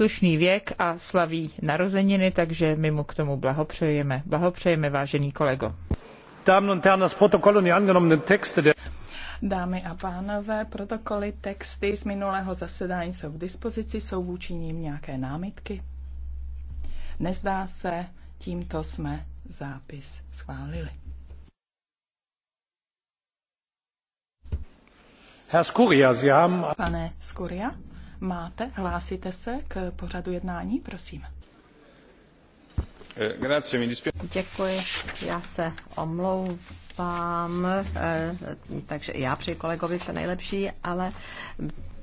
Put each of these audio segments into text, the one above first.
slušný věk a slaví narozeniny, takže my mu k tomu blahopřejeme. Blahopřejeme, vážený kolego. Dámy a pánové, protokoly, texty z minulého zasedání jsou k dispozici, jsou vůči ním nějaké námitky? Nezdá se, tímto jsme zápis schválili. Herr Skuria, Sie haben... Pane Skuria? máte? Hlásíte se k pořadu jednání? Prosím. Eh, Děkuji, já se omlouvám, eh, takže já přeji kolegovi vše nejlepší, ale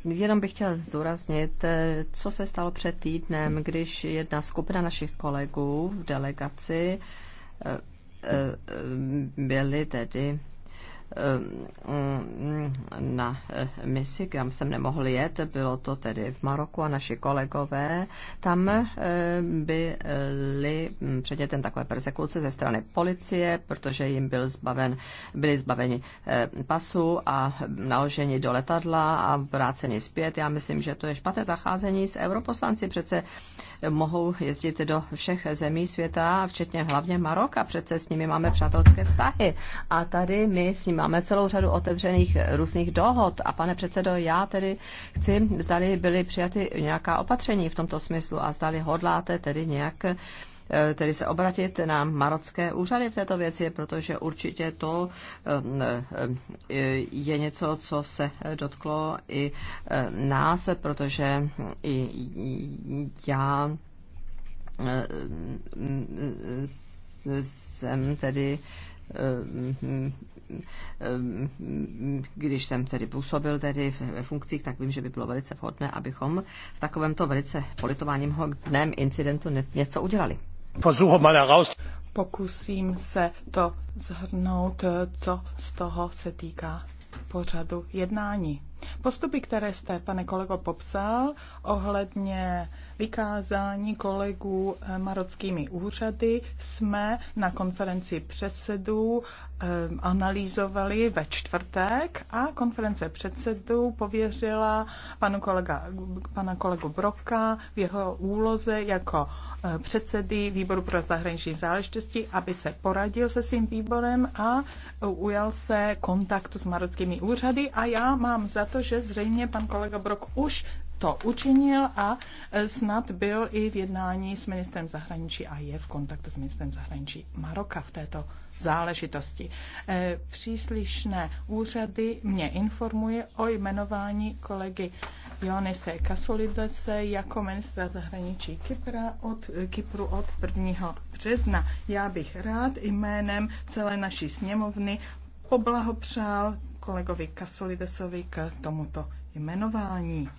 Jenom bych chtěla zdůraznit, eh, co se stalo před týdnem, když jedna skupina našich kolegů v delegaci byli tedy na eh, misi, kam jsem nemohl jet, bylo to tedy v Maroku a naši kolegové tam eh, byli hm, předmětem takové persekuce ze strany policie, protože jim byl zbaven, byli zbaveni eh, pasu a naloženi do letadla a vráceni zpět. Já myslím, že to je špatné zacházení s europoslanci. Přece mohou jezdit do všech zemí světa, včetně hlavně Maroka. Přece s nimi máme přátelské vztahy. A tady my s nimi máme celou řadu otevřených různých dol dohod. A pane předsedo, já tedy chci, zdali byly přijaty nějaká opatření v tomto smyslu a zdali hodláte tedy nějak eh, tedy se obratit na marocké úřady v této věci, protože určitě to eh, eh, je něco, co se dotklo i nás, protože i já mm, mm, jsem tedy mm, Ehm, když jsem tedy působil tedy ve funkcích, tak vím, že by bylo velice vhodné, abychom v takovémto velice politováním dnem incidentu něco udělali. Pokusím se to zhrnout, co z toho se týká pořadu jednání. Postupy, které jste, pane kolego, popsal ohledně vykázání kolegů eh, marockými úřady, jsme na konferenci předsedů eh, analyzovali ve čtvrtek a konference předsedů pověřila panu kolega, pana kolegu Broka v jeho úloze jako Eh, předsedy výboru pro zahraniční záležitosti, aby se poradil se svým výborem a ujal se kontaktu s marockými úřady a já mám za to, že zřejmě pan kolega Brok už to učinil a eh, snad byl i v jednání s ministrem zahraničí a je v kontaktu s ministrem zahraničí Maroka v této záležitosti. Eh, Příslišné úřady mě informuje o jmenování kolegy Ionise Kasolidese jako ministra zahraničí Kypra od, Kypru od 1. března. Já bych rád jménem celé naší sněmovny poblahopřál kolegovi Kasolidesovi k tomuto jmenování.